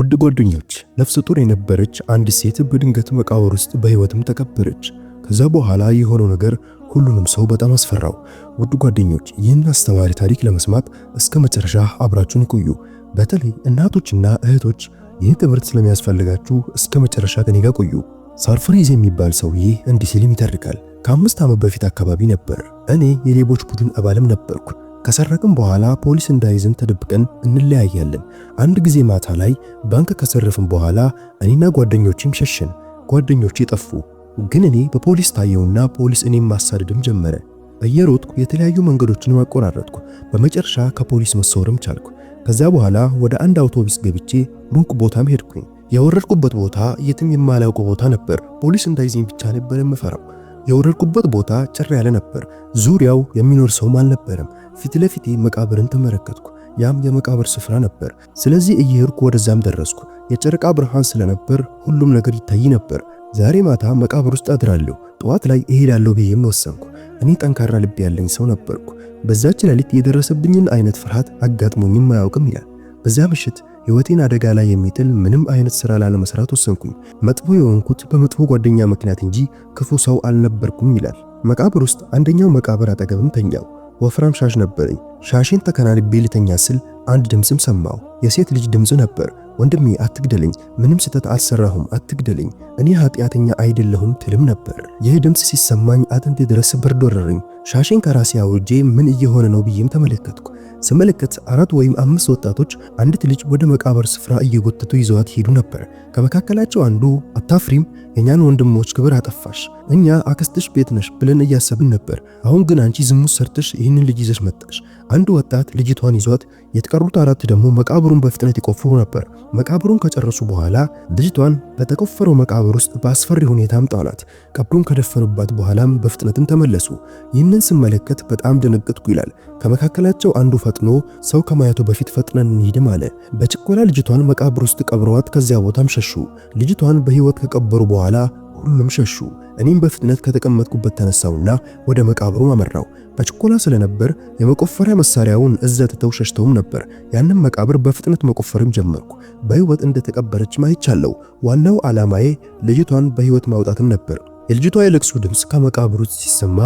ውድ ጓደኞች፣ ነፍሰ ጡር የነበረች አንዲት ሴት በድንገት መቃብር ውስጥ በህይወትም ተቀበረች። ከዛ በኋላ የሆነው ነገር ሁሉንም ሰው በጣም አስፈራው። ውድ ጓደኞች፣ ይህን አስተማሪ ታሪክ ለመስማት እስከ መጨረሻ አብራችሁን ይቆዩ። በተለይ እናቶችና እህቶች ይህ ትምህርት ስለሚያስፈልጋችሁ እስከ መጨረሻ ከኔ ጋር ቆዩ። ሳርፍሬዝ የሚባል ሰውዬ እንዲህ ሲልም ይተርካል። ከአምስት ዓመት በፊት አካባቢ ነበር እኔ የሌቦች ቡድን አባልም ነበርኩ። ከሰረቅን በኋላ ፖሊስ እንዳይዝን ተደብቀን እንለያያለን። አንድ ጊዜ ማታ ላይ ባንክ ከሰረፍን በኋላ እኔና ጓደኞቼም ሸሽን። ጓደኞቼ ጠፉ፣ ግን እኔ በፖሊስ ታየውና ፖሊስ እኔም ማሳደድም ጀመረ። እየሮጥኩ የተለያዩ መንገዶችን አቆራረጥኩ። በመጨረሻ ከፖሊስ መሰወርም ቻልኩ። ከዛ በኋላ ወደ አንድ አውቶቡስ ገብቼ ሩቅ ቦታም ሄድኩኝ። የወረድኩበት ቦታ የትም የማላውቀው ቦታ ነበር። ፖሊስ እንዳይዘኝ ብቻ ነበር የምፈራው። የወረድኩበት ቦታ ጭር ያለ ነበር። ዙሪያው የሚኖር ሰውም አልነበረም። ፊት ለፊቴ መቃብርን ተመለከትኩ። ያም የመቃብር ስፍራ ነበር። ስለዚህ እየሄድኩ ወደዛም ደረስኩ። የጨረቃ ብርሃን ስለነበር ሁሉም ነገር ይታይ ነበር። ዛሬ ማታ መቃብር ውስጥ አድራለሁ፣ ጠዋት ላይ እሄዳለሁ ብዬም ወሰንኩ። እኔ ጠንካራ ልብ ያለኝ ሰው ነበርኩ። በዛች ሌሊት የደረሰብኝን አይነት ፍርሃት አጋጥሞኝም አያውቅም ይላል። በዚያ ምሽት ህይወቴን አደጋ ላይ የሚጥል ምንም አይነት ስራ ላለመስራት ወሰንኩኝ። መጥፎ የሆንኩት በመጥፎ ጓደኛ ምክንያት እንጂ ክፉ ሰው አልነበርኩም ይላል። መቃብር ውስጥ አንደኛው መቃብር አጠገብም ተኛው። ወፍራም ሻሽ ነበረኝ። ሻሽን ተከናንቤ ልተኛ ስል አንድ ድምፅም ሰማው የሴት ልጅ ድምፅ ነበር። ወንድሜ አትግደለኝ፣ ምንም ስህተት አልሰራሁም፣ አትግደለኝ፣ እኔ ኃጢአተኛ አይደለሁም ትልም ነበር። ይህ ድምፅ ሲሰማኝ አጥንቴ ድረስ ብርድ ወረረኝ። ሻሽን ከራሴ አውርጄ ምን እየሆነ ነው ብዬም ተመለከትኩ። ስመለከት አራት ወይም አምስት ወጣቶች አንዲት ልጅ ወደ መቃብር ስፍራ እየጎተቱ ይዘዋት ሄዱ ነበር። ከመካከላቸው አንዱ አታፍሪም? የእኛን ወንድሞች ክብር አጠፋሽ። እኛ አክስትሽ ቤት ነሽ ብለን እያሰብን ነበር። አሁን ግን አንቺ ዝሙት ሰርተሽ ይህንን ልጅ ይዘሽ መጣሽ። አንድ ወጣት ልጅቷን ይዟት፣ የተቀሩት አራት ደግሞ መቃብሩን በፍጥነት ይቆፍሩ ነበር። መቃብሩን ከጨረሱ በኋላ ልጅቷን በተቆፈረው መቃብር ውስጥ በአስፈሪ ሁኔታም ጣሏት። ቀብሩን ከደፈኑባት በኋላም በፍጥነትም ተመለሱ። ይህንን ስመለከት በጣም ደነገጥኩ ይላል። ከመካከላቸው አንዱ ፈጥኖ ሰው ከማየቱ በፊት ፈጥነን እንሂድም አለ። በችኮላ ልጅቷን መቃብር ውስጥ ቀብረዋት ከዚያ ቦታም ሸሹ። ልጅቷን በህይወት ከቀበሩ በኋላ ሁሉም ሸሹ። እኔም በፍጥነት ከተቀመጥኩበት ተነሳውና ወደ መቃብሩ አመራው። በችኮላ ስለነበር የመቆፈሪያ መሳሪያውን እዛ ትተው ሸሽተውም ነበር። ያንን መቃብር በፍጥነት መቆፈርም ጀመርኩ። በህይወት እንደተቀበረች ማይቻለው። ዋናው ዓላማዬ ልጅቷን በህይወት ማውጣትም ነበር። የልጅቷ የለቅሶ ድምፅ ከመቃብሩ ሲሰማ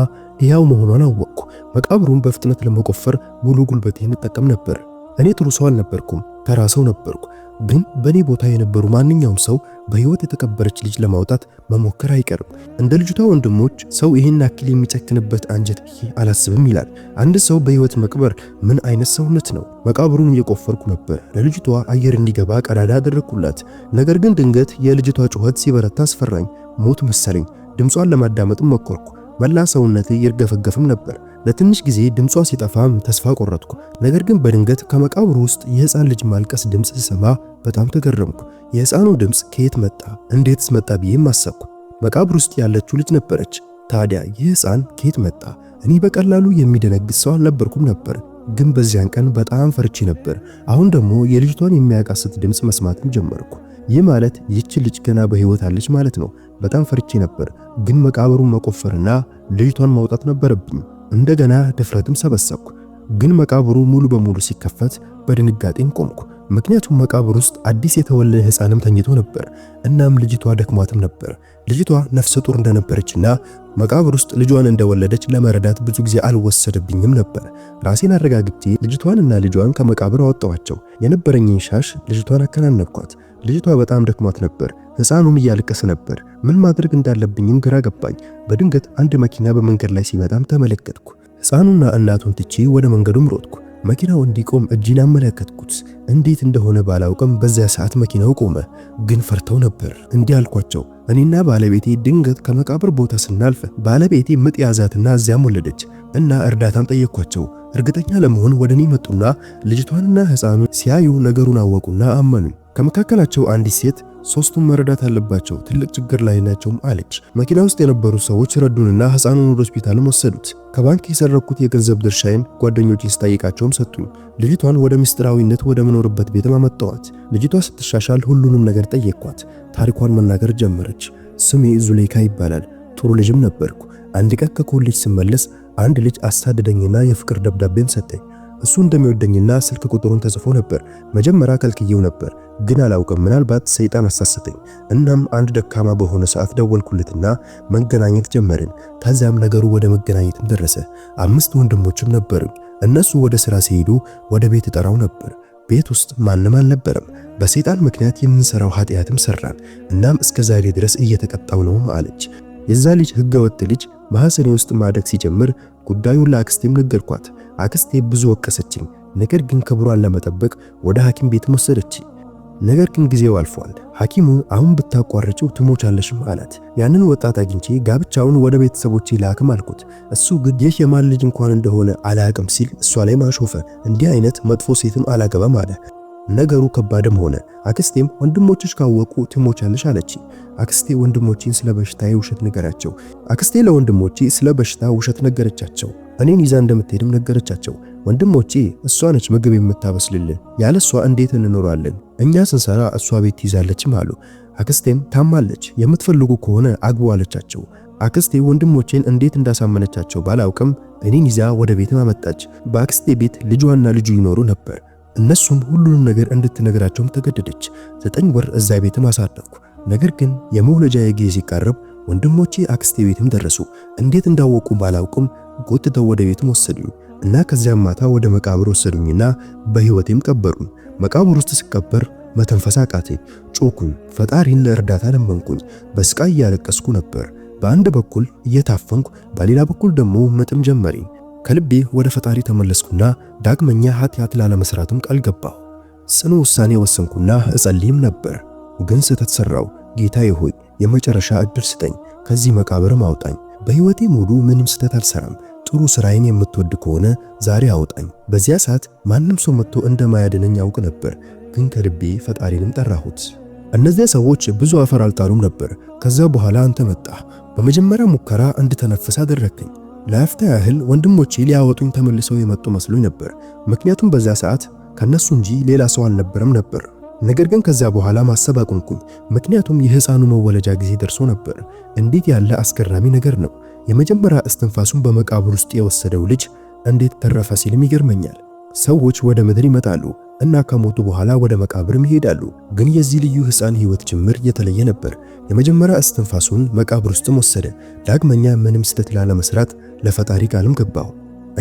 ያው መሆኗን አወቅኩ። መቃብሩን በፍጥነት ለመቆፈር ሙሉ ጉልበቴን እጠቀም ነበር። እኔ ጥሩ ሰው አልነበርኩም። ተራ ሰው ነበርኩ። ግን በእኔ ቦታ የነበሩ ማንኛውም ሰው በህይወት የተቀበረች ልጅ ለማውጣት መሞከር አይቀርም። እንደ ልጅቷ ወንድሞች ሰው ይህን አክል የሚጨክንበት አንጀት አላስብም ይላል። አንድ ሰው በህይወት መቅበር ምን አይነት ሰውነት ነው? መቃብሩን እየቆፈርኩ ነበር። ለልጅቷ አየር እንዲገባ ቀዳዳ አደረግኩላት። ነገር ግን ድንገት የልጅቷ ጩኸት ሲበረታ አስፈራኝ። ሞት መሰለኝ። ድምጿን ለማዳመጥም ሞከርኩ። መላ ሰውነቴ ይርገፈገፍም ነበር። ለትንሽ ጊዜ ድምጿ ሲጠፋም ተስፋ ቆረጥኩ። ነገር ግን በድንገት ከመቃብር ውስጥ የህፃን ልጅ ማልቀስ ድምፅ ስሰማ በጣም ተገረምኩ። የህፃኑ ድምፅ ከየት መጣ? እንዴትስ መጣ ብዬም አሰብኩ። መቃብር ውስጥ ያለችው ልጅ ነበረች። ታዲያ ይህ ህፃን ከየት መጣ? እኔ በቀላሉ የሚደነግጥ ሰው አልነበርኩም ነበር ግን በዚያን ቀን በጣም ፈርቼ ነበር። አሁን ደግሞ የልጅቷን የሚያቃስት ድምፅ መስማትን ጀመርኩ። ይህ ማለት ይህች ልጅ ገና በህይወት አለች ማለት ነው። በጣም ፈርቼ ነበር፣ ግን መቃብሩን መቆፈርና ልጅቷን ማውጣት ነበረብኝ። እንደገና ድፍረትም ሰበሰብኩ። ግን መቃብሩ ሙሉ በሙሉ ሲከፈት በድንጋጤም ቆምኩ። ምክንያቱም መቃብር ውስጥ አዲስ የተወለደ ሕፃንም ተኝቶ ነበር። እናም ልጅቷ ደክሟትም ነበር። ልጅቷ ነፍሰ ጡር እንደነበረችና መቃብር ውስጥ ልጇን እንደወለደች ለመረዳት ብዙ ጊዜ አልወሰደብኝም ነበር። ራሴን አረጋግቼ ልጅቷንና ልጇን ከመቃብር አወጣዋቸው። የነበረኝን ሻሽ ልጅቷን አከናነብኳት። ልጅቷ በጣም ደክሟት ነበር። ሕፃኑም እያለቀሰ ነበር። ምን ማድረግ እንዳለብኝም ግራ ገባኝ። በድንገት አንድ መኪና በመንገድ ላይ ሲመጣም ተመለከትኩ። ሕፃኑና እናቱን ትቼ ወደ መንገዱም ሮጥኩ። መኪናው እንዲቆም እጅን አመለከትኩት። እንዴት እንደሆነ ባላውቅም በዚያ ሰዓት መኪናው ቆመ፣ ግን ፈርተው ነበር። እንዲህ አልኳቸው፣ እኔና ባለቤቴ ድንገት ከመቃብር ቦታ ስናልፍ ባለቤቴ ምጥ ያዛትና እዚያም ወለደች እና እርዳታም ጠየቅኳቸው። እርግጠኛ ለመሆን ወደ እኔ መጡና ልጅቷንና ሕፃኑን ሲያዩ ነገሩን አወቁና አመኑኝ። ከመካከላቸው አንዲት ሴት ሶስቱም መረዳት አለባቸው፣ ትልቅ ችግር ላይ ናቸውም አለች። መኪና ውስጥ የነበሩ ሰዎች ረዱንና ህፃኑን ወደ ሆስፒታልም ወሰዱት። ከባንክ የሰረኩት የገንዘብ ድርሻዬን ጓደኞቼን ስጠይቃቸውም ሰጡኝ። ልጅቷን ወደ ምስጢራዊነት ወደ መኖርበት ቤትም አመጣዋት። ልጅቷ ስትሻሻል ሁሉንም ነገር ጠየቅኳት። ታሪኳን መናገር ጀመረች። ስሜ ዙሌካ ይባላል። ጥሩ ልጅም ነበርኩ። አንድ ቀን ከኮሌጅ ስመለስ አንድ ልጅ አሳደደኝና የፍቅር ደብዳቤን ሰጠኝ። እሱ እንደሚወደኝና ስልክ ቁጥሩን ተጽፎ ነበር። መጀመሪያ ከልክየው ነበር ግን አላውቅም፣ ምናልባት ሰይጣን አሳሰተኝ። እናም አንድ ደካማ በሆነ ሰዓት ደወልኩለትና መገናኘት ጀመርን። ከዚያም ነገሩ ወደ መገናኘትም ደረሰ። አምስት ወንድሞችም ነበርም። እነሱ ወደ ስራ ሲሄዱ ወደ ቤት እጠራው ነበር። ቤት ውስጥ ማንም አልነበረም። በሰይጣን ምክንያት የምንሰራው ኃጢአትም ሰራን። እናም እስከ ዛሬ ድረስ እየተቀጣው ነው አለች። የዛ ልጅ ህገወጥ ልጅ ማህሰኔ ውስጥ ማደግ ሲጀምር ጉዳዩን ለአክስቴም ነገርኳት። አክስቴ ብዙ ወቀሰችኝ። ነገር ግን ክብሯን ለመጠበቅ ወደ ሐኪም ቤት ወሰደች። ነገር ግን ጊዜው አልፏል። ሐኪሙ አሁን ብታቋርጪው ትሞቻለሽም አላት። ያንን ወጣት አግኝቼ ጋብቻውን ወደ ቤተሰቦች ላክም አልኩት። እሱ ግን ይህ የማን ልጅ እንኳን እንደሆነ አላቅም ሲል እሷ ላይ ማሾፈ። እንዲህ አይነት መጥፎ ሴትም አላገባም አለ። ነገሩ ከባድም ሆነ። አክስቴም ወንድሞችሽ ካወቁ ትሞቻለሽ አለች። አክስቴ ወንድሞቼን ስለ በሽታዬ ውሸት ነገራቸው። አክስቴ ለወንድሞቼ ስለ በሽታ ውሸት ነገረቻቸው። እኔን ይዛ እንደምትሄድም ነገረቻቸው። ወንድሞቼ እሷ ነች ምግብ የምታበስልልን፣ ያለ እሷ እንዴት እንኖራለን? እኛ ስንሰራ እሷ ቤት ትይዛለችም አሉ። አክስቴም ታማለች፣ የምትፈልጉ ከሆነ አግቡ አለቻቸው። አክስቴ ወንድሞቼን እንዴት እንዳሳመነቻቸው ባላውቅም እኔን ይዛ ወደ ቤትም አመጣች። በአክስቴ ቤት ልጇና ልጁ ይኖሩ ነበር። እነሱም ሁሉንም ነገር እንድትነግራቸውም ተገደደች። ዘጠኝ ወር እዛ ቤትም አሳደግኩ። ነገር ግን የመውለጃ ጊዜ ሲቃረብ ወንድሞቼ አክስቴ ቤትም ደረሱ። እንዴት እንዳወቁ ባላውቅም ጎትተው ወደ ቤትም ወሰዱኝ እና ከዚያም ማታ ወደ መቃብር ወሰዱኝና በህይወቴም ቀበሩኝ። መቃብር ውስጥ ስቀበር መተንፈስ አቃተኝ። ጮኩኝ፣ ፈጣሪን ለእርዳታ ለመንኩኝ። በስቃይ እያለቀስኩ ነበር። በአንድ በኩል እየታፈንኩ፣ በሌላ በኩል ደግሞ ምጥም ጀመረኝ። ከልቤ ወደ ፈጣሪ ተመለስኩና ዳግመኛ ኃጢአት ላለመስራትም ቃል ገባሁ። ጽኑ ውሳኔ ወሰንኩና እጸልይም ነበር፣ ግን ስህተት ጌታ ጌታዬ ሆይ የመጨረሻ እድል ስጠኝ፣ ከዚህ መቃብርም አውጣኝ። በህይወቴ ሙሉ ምንም ስህተት አልሰራም ጥሩ ስራዬን የምትወድ ከሆነ ዛሬ አውጣኝ። በዚያ ሰዓት ማንም ሰው መጥቶ እንደማያድነኝ አውቅ ነበር፣ ግን ከልቤ ፈጣሪንም ጠራሁት። እነዚያ ሰዎች ብዙ አፈር አልጣሉም ነበር። ከዛ በኋላ አንተ መጣህ። በመጀመሪያ ሙከራ እንድተነፍስ አደረግከኝ። ለአፍታ ያህል ወንድሞቼ ሊያወጡኝ ተመልሰው የመጡ መስሎኝ ነበር፣ ምክንያቱም በዚያ ሰዓት ከነሱ እንጂ ሌላ ሰው አልነበረም ነበር። ነገር ግን ከዚያ በኋላ ማሰብ አቆምኩኝ፣ ምክንያቱም የሕፃኑ መወለጃ ጊዜ ደርሶ ነበር። እንዴት ያለ አስገራሚ ነገር ነው! የመጀመሪያ እስትንፋሱን በመቃብር ውስጥ የወሰደው ልጅ እንዴት ተረፈ ሲልም ይገርመኛል። ሰዎች ወደ ምድር ይመጣሉ እና ከሞቱ በኋላ ወደ መቃብርም ይሄዳሉ። ግን የዚህ ልዩ ሕፃን ሕይወት ጅምር የተለየ ነበር። የመጀመሪያ እስትንፋሱን መቃብር ውስጥም ወሰደ። ዳግመኛ ምንም ስህተት ላለመስራት ለፈጣሪ ቃልም ገባሁ።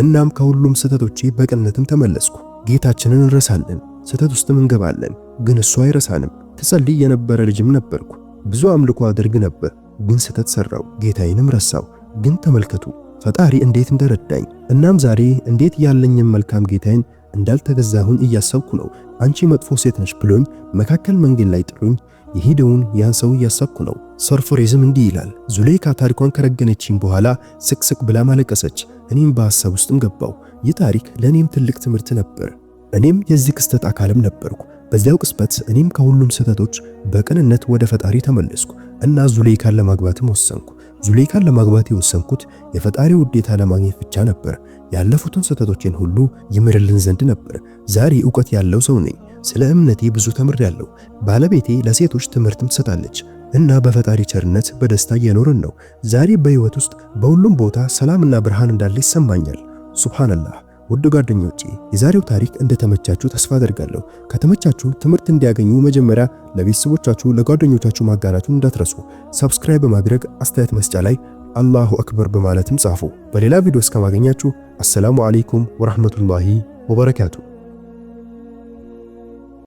እናም ከሁሉም ስህተቶቼ በቅንነትም ተመለስኩ። ጌታችንን እንረሳለን፣ ስህተት ውስጥም እንገባለን፣ ግን እሱ አይረሳንም። ትጸልይ የነበረ ልጅም ነበርኩ። ብዙ አምልኮ አድርግ ነበር፣ ግን ስህተት ሰራው፣ ጌታዬንም ረሳው። ግን ተመልከቱ ፈጣሪ እንዴት እንደረዳኝ። እናም ዛሬ እንዴት ያለኝም መልካም ጌታዬን እንዳልተገዛሁኝ እያሰብኩ ነው። አንቺ መጥፎ ሴት ነች ብሎኝ መካከል መንገድ ላይ ጥሉኝ የሄደውን ያን ሰው እያሰብኩ ነው። ሰርፎሬዝም እንዲህ ይላል፣ ዙሌይካ ታሪኳን ከረገነችኝ በኋላ ስቅስቅ ብላ ማለቀሰች። እኔም በሐሳብ ውስጥም ገባው። ይህ ታሪክ ለእኔም ትልቅ ትምህርት ነበር። እኔም የዚህ ክስተት አካልም ነበርኩ። በዚያው ቅጽበት እኔም ከሁሉም ስህተቶች በቅንነት ወደ ፈጣሪ ተመለስኩ እና ዙሌይካን ለማግባትም ወሰንኩ። ዙሌካን ለማግባት የወሰንኩት የፈጣሪ ውዴታ ለማግኘት ብቻ ነበር። ያለፉትን ስህተቶችን ሁሉ ይምርልን ዘንድ ነበር። ዛሬ እውቀት ያለው ሰው ነኝ። ስለ እምነቴ ብዙ ተምሬያለሁ። ባለቤቴ ለሴቶች ትምህርትም ትሰጣለች እና በፈጣሪ ቸርነት በደስታ እየኖርን ነው። ዛሬ በህይወት ውስጥ በሁሉም ቦታ ሰላምና ብርሃን እንዳለ ይሰማኛል። ሱብሃንአላህ ውድ ጓደኞቼ የዛሬው ታሪክ እንደተመቻችሁ ተስፋ አደርጋለሁ። ከተመቻችሁ ትምህርት እንዲያገኙ መጀመሪያ ለቤተሰቦቻችሁ ለጓደኞቻችሁ ማጋራቱን እንዳትረሱ። ሰብስክራይብ በማድረግ አስተያየት መስጫ ላይ አላሁ አክበር በማለትም ጻፉ። በሌላ ቪዲዮ እስከማገኛችሁ አሰላሙ አለይኩም ወራህመቱላሂ ወበረካቱ።